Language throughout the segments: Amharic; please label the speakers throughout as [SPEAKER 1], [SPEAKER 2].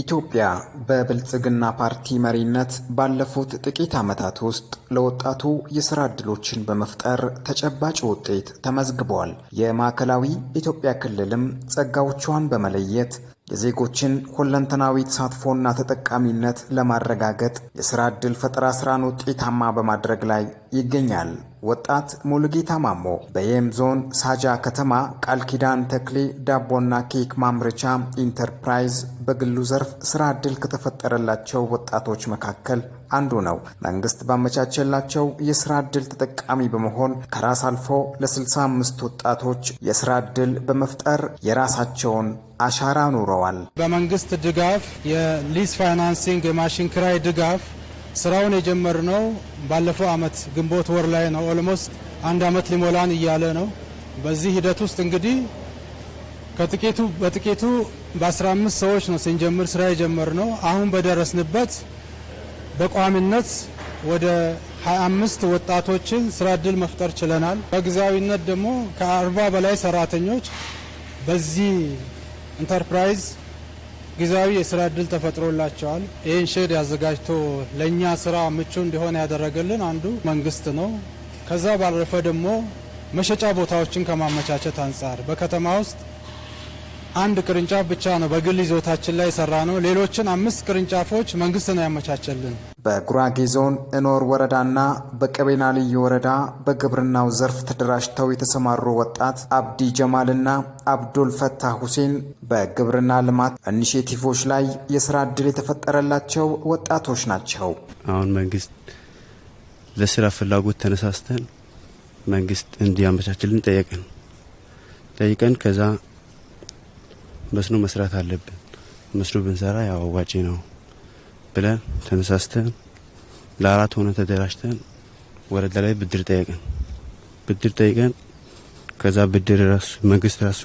[SPEAKER 1] ኢትዮጵያ በብልጽግና ፓርቲ መሪነት ባለፉት ጥቂት ዓመታት ውስጥ ለወጣቱ የሥራ ዕድሎችን በመፍጠር ተጨባጭ ውጤት ተመዝግቧል። የማዕከላዊ ኢትዮጵያ ክልልም ጸጋዎቿን በመለየት የዜጎችን ሁለንተናዊ ተሳትፎና ተጠቃሚነት ለማረጋገጥ የሥራ ዕድል ፈጠራ ሥራን ውጤታማ በማድረግ ላይ ይገኛል። ወጣት ሙሉጌታ ማሞ በየም ዞን ሳጃ ከተማ ቃል ኪዳን ተክሌ ዳቦና ኬክ ማምረቻ ኢንተርፕራይዝ በግሉ ዘርፍ ስራ ዕድል ከተፈጠረላቸው ወጣቶች መካከል አንዱ ነው። መንግስት ባመቻቸላቸው የስራ ዕድል ተጠቃሚ በመሆን ከራስ አልፎ ለ65 ወጣቶች የስራ ዕድል በመፍጠር የራሳቸውን አሻራ ኑረዋል።
[SPEAKER 2] በመንግስት ድጋፍ የሊስ ፋይናንሲንግ የማሽን ክራይ ድጋፍ ስራውን የጀመርነው ባለፈው አመት ግንቦት ወር ላይ ነው። ኦልሞስት አንድ አመት ሊሞላን እያለ ነው። በዚህ ሂደት ውስጥ እንግዲህ ከጥቂቱ በጥቂቱ በ15 ሰዎች ነው ስንጀምር ስራ የጀመርነው። አሁን በደረስንበት በቋሚነት ወደ 25 ወጣቶችን ስራ እድል መፍጠር ችለናል። በጊዜያዊነት ደግሞ ከ40 በላይ ሰራተኞች በዚህ ኢንተርፕራይዝ ጊዜያዊ የስራ እድል ተፈጥሮላቸዋል። ይህን ሼድ ያዘጋጅቶ ለእኛ ስራ ምቹ እንዲሆን ያደረገልን አንዱ መንግስት ነው። ከዛ ባለፈ ደግሞ መሸጫ ቦታዎችን ከማመቻቸት አንጻር በከተማ ውስጥ አንድ ቅርንጫፍ ብቻ ነው በግል ይዞታችን ላይ የሰራ ነው። ሌሎችን አምስት ቅርንጫፎች መንግስት ነው ያመቻቸልን።
[SPEAKER 1] በጉራጌ ዞን እኖር ወረዳና በቀቤና ልዩ ወረዳ በግብርናው ዘርፍ ተደራጅተው የተሰማሩ ወጣት አብዲ ጀማልና አብዱል ፈታህ ሁሴን በግብርና ልማት ኢኒሼቲቮች ላይ የስራ እድል የተፈጠረላቸው ወጣቶች ናቸው።
[SPEAKER 3] አሁን መንግስት ለስራ ፍላጎት ተነሳስተን መንግስት እንዲያመቻችልን ጠየቅን ጠይቀን ከዛ መስኖ መስራት አለብን፣ መስኖ ብንሰራ ያው አዋጪ ነው ብለን ተነሳስተን ለአራት ሆነ ተደራጅተን ወረዳ ላይ ብድር ጠየቅን። ብድር ጠይቀን ከዛ ብድር ራሱ መንግስት ራሱ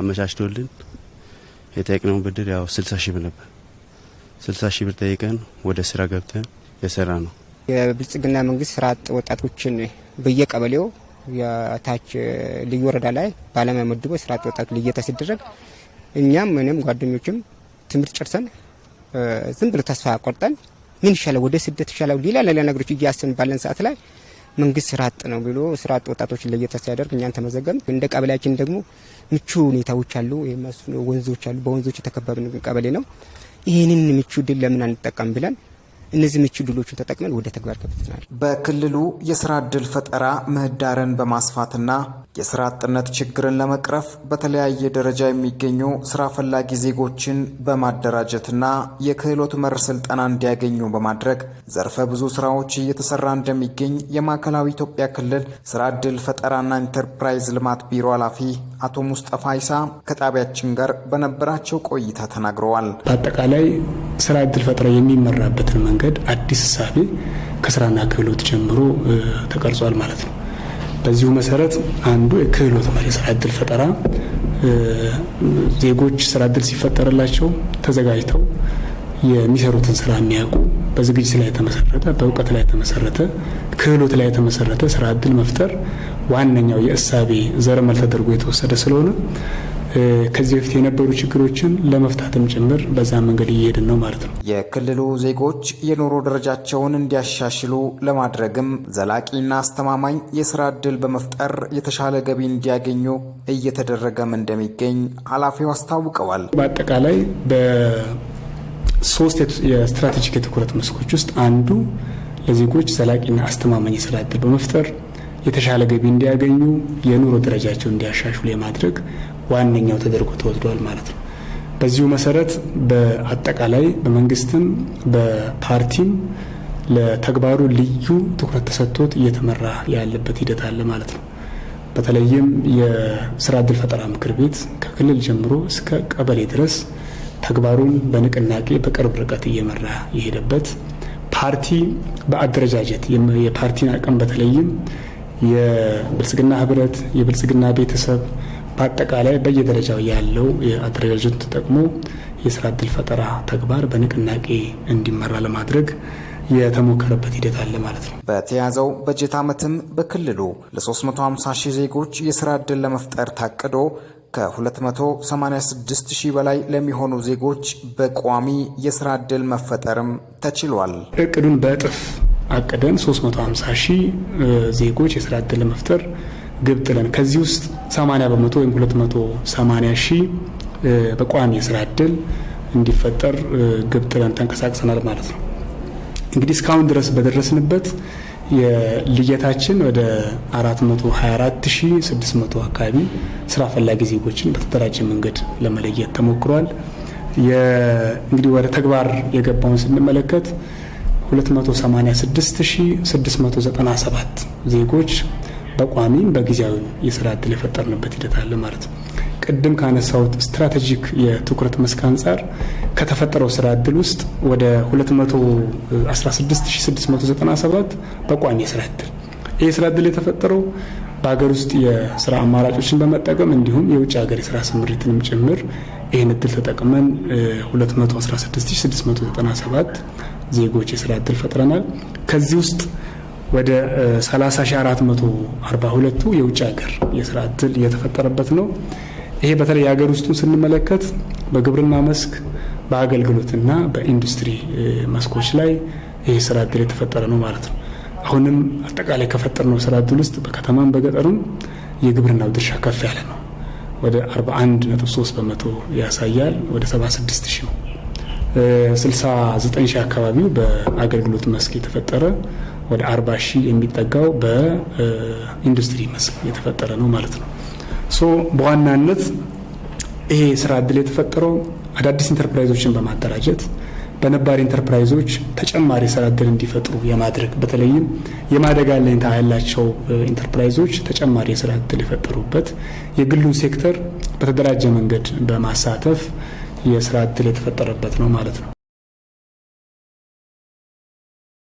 [SPEAKER 3] አመቻችቶልን የጠየቅነው ብድር ያው ስልሳ ሺህ ብር ነበር። ስልሳ ሺህ ብር ጠይቀን ወደ ስራ ገብተን የሰራ ነው።
[SPEAKER 4] የብልጽግና መንግስት ስራ አጥ ወጣቶችን በየቀበሌው የታች ልዩ ወረዳ ላይ ባለሙያ መድቦ ስራ አጥ ወጣት ልየታ ሲደረግ እኛም እኔም ጓደኞችም ትምህርት ጨርሰን ዝም ብሎ ተስፋ ቆርጠን ምን ይሻላል ወደ ስደት ይሻላል ሌላ ሌላ ነገሮች እያስን ባለን ሰዓት ላይ መንግስት ስራ አጥ ነው ብሎ ስራ አጥ ወጣቶች ለየት ሲያደርግ እኛን ተመዘገብን። እንደ ቀበሌያችን ደግሞ ምቹ ሁኔታዎች አሉ፣ ወንዞች አሉ። በወንዞች የተከበብን ቀበሌ ነው። ይህንን ምቹ ድል ለምን አንጠቀም ብለን እነዚህ ምቹ ድሎችን ተጠቅመን ወደ ተግባር ገብተናል።
[SPEAKER 1] በክልሉ የስራ ዕድል ፈጠራ ምህዳርን በማስፋትና የስራ አጥነት ችግርን ለመቅረፍ በተለያየ ደረጃ የሚገኙ ስራ ፈላጊ ዜጎችን በማደራጀትና የክህሎት መር ስልጠና እንዲያገኙ በማድረግ ዘርፈ ብዙ ስራዎች እየተሰራ እንደሚገኝ የማዕከላዊ ኢትዮጵያ ክልል ስራ እድል ፈጠራና ኢንተርፕራይዝ ልማት ቢሮ ኃላፊ አቶ ሙስጠፋ ይሳ ከጣቢያችን ጋር በነበራቸው ቆይታ ተናግረዋል።
[SPEAKER 5] በአጠቃላይ ስራ እድል ፈጠራ የሚመራበትን መንገድ አዲስ እሳቤ ከስራና ክህሎት ጀምሮ ተቀርጿል ማለት ነው። በዚሁ መሰረት አንዱ የክህሎት መር ስራ እድል ፈጠራ ዜጎች ስራ እድል ሲፈጠርላቸው ተዘጋጅተው የሚሰሩትን ስራ የሚያውቁ በዝግጅት ላይ የተመሰረተ በእውቀት ላይ የተመሰረተ ክህሎት ላይ የተመሰረተ ስራ እድል መፍጠር ዋነኛው የእሳቤ ዘረመል ተደርጎ የተወሰደ ስለሆነ ከዚህ በፊት የነበሩ ችግሮችን ለመፍታትም ጭምር በዛ መንገድ እየሄድን ነው ማለት ነው።
[SPEAKER 1] የክልሉ ዜጎች የኑሮ ደረጃቸውን እንዲያሻሽሉ ለማድረግም ዘላቂና አስተማማኝ የስራ እድል በመፍጠር የተሻለ ገቢ እንዲያገኙ እየተደረገም እንደሚገኝ ኃላፊው አስታውቀዋል።
[SPEAKER 5] በአጠቃላይ በሶስት የስትራቴጂክ የትኩረት መስኮች ውስጥ አንዱ ለዜጎች ዘላቂና አስተማማኝ የስራ እድል በመፍጠር የተሻለ ገቢ እንዲያገኙ የኑሮ ደረጃቸው እንዲያሻሽሉ የማድረግ ዋነኛው ተደርጎ ተወስዷል ማለት ነው። በዚሁ መሰረት በአጠቃላይ በመንግስትም በፓርቲም ለተግባሩ ልዩ ትኩረት ተሰጥቶት እየተመራ ያለበት ሂደት አለ ማለት ነው። በተለይም የስራ እድል ፈጠራ ምክር ቤት ከክልል ጀምሮ እስከ ቀበሌ ድረስ ተግባሩን በንቅናቄ በቅርብ ርቀት እየመራ የሄደበት ፓርቲ በአደረጃጀት የፓርቲን አቅም በተለይም የብልጽግና ህብረት፣ የብልጽግና ቤተሰብ በአጠቃላይ በየደረጃው ያለው የአደረጃጀት ተጠቅሞ የስራ እድል ፈጠራ ተግባር በንቅናቄ እንዲመራ ለማድረግ የተሞከረበት ሂደት አለ ማለት ነው።
[SPEAKER 1] በተያዘው በጀት ዓመትም በክልሉ ለ350 ሺህ ዜጎች የስራ እድል ለመፍጠር ታቅዶ ከ286 ሺህ በላይ ለሚሆኑ ዜጎች በቋሚ የስራ እድል መፈጠርም ተችሏል።
[SPEAKER 5] እቅዱን በእጥፍ አቅደን 350 ሺህ ዜጎች የስራ እድል ለመፍጠር ግብ ጥለን ከዚህ ውስጥ 80 በመቶ ወይም 280 ሺህ በቋሚ የስራ እድል እንዲፈጠር ግብ ጥለን ተንቀሳቅሰናል ማለት ነው። እንግዲህ እስካሁን ድረስ በደረስንበት የልየታችን ወደ 424600 አካባቢ ስራ ፈላጊ ዜጎችን በተደራጀ መንገድ ለመለየት ተሞክሯል። እንግዲህ ወደ ተግባር የገባውን ስንመለከት 286697 ዜጎች በቋሚም በጊዜያዊ የስራ እድል የፈጠርንበት ሂደት አለ ማለት ነው። ቅድም ካነሳሁት ስትራቴጂክ የትኩረት መስክ አንጻር ከተፈጠረው ስራ እድል ውስጥ ወደ 216697 በቋሚ የስራ እድል ይህ የስራ እድል የተፈጠረው በሀገር ውስጥ የስራ አማራጮችን በመጠቀም እንዲሁም የውጭ ሀገር የስራ ስምሪትንም ጭምር ይህን እድል ተጠቅመን 216697 ዜጎች የስራ እድል ፈጥረናል። ከዚህ ውስጥ ወደ 30442ቱ የውጭ ሀገር የስራ እድል እየተፈጠረበት ነው። ይሄ በተለይ የሀገር ውስጡን ስንመለከት በግብርና መስክ በአገልግሎትና በኢንዱስትሪ መስኮች ላይ ይህ ስራ እድል የተፈጠረ ነው ማለት ነው። አሁንም አጠቃላይ ከፈጠርነው ስራ እድል ውስጥ በከተማም በገጠርም የግብርናው ድርሻ ከፍ ያለ ነው። ወደ 41.3 በመቶ ያሳያል። ወደ 76 ሺህ ነው። 69 ሺህ አካባቢው በአገልግሎት መስክ የተፈጠረ ወደ አርባ ሺህ የሚጠጋው በኢንዱስትሪ መስክ የተፈጠረ ነው ማለት ነው። ሶ በዋናነት ይሄ ስራ እድል የተፈጠረው አዳዲስ ኢንተርፕራይዞችን በማደራጀት በነባሪ ኢንተርፕራይዞች ተጨማሪ ስራ እድል እንዲፈጥሩ የማድረግ በተለይም የማደግ አለኝታ ያላቸው ኢንተርፕራይዞች ተጨማሪ የስራ እድል የፈጠሩበት የግሉን ሴክተር በተደራጀ መንገድ በማሳተፍ የስራ እድል የተፈጠረበት ነው ማለት ነው።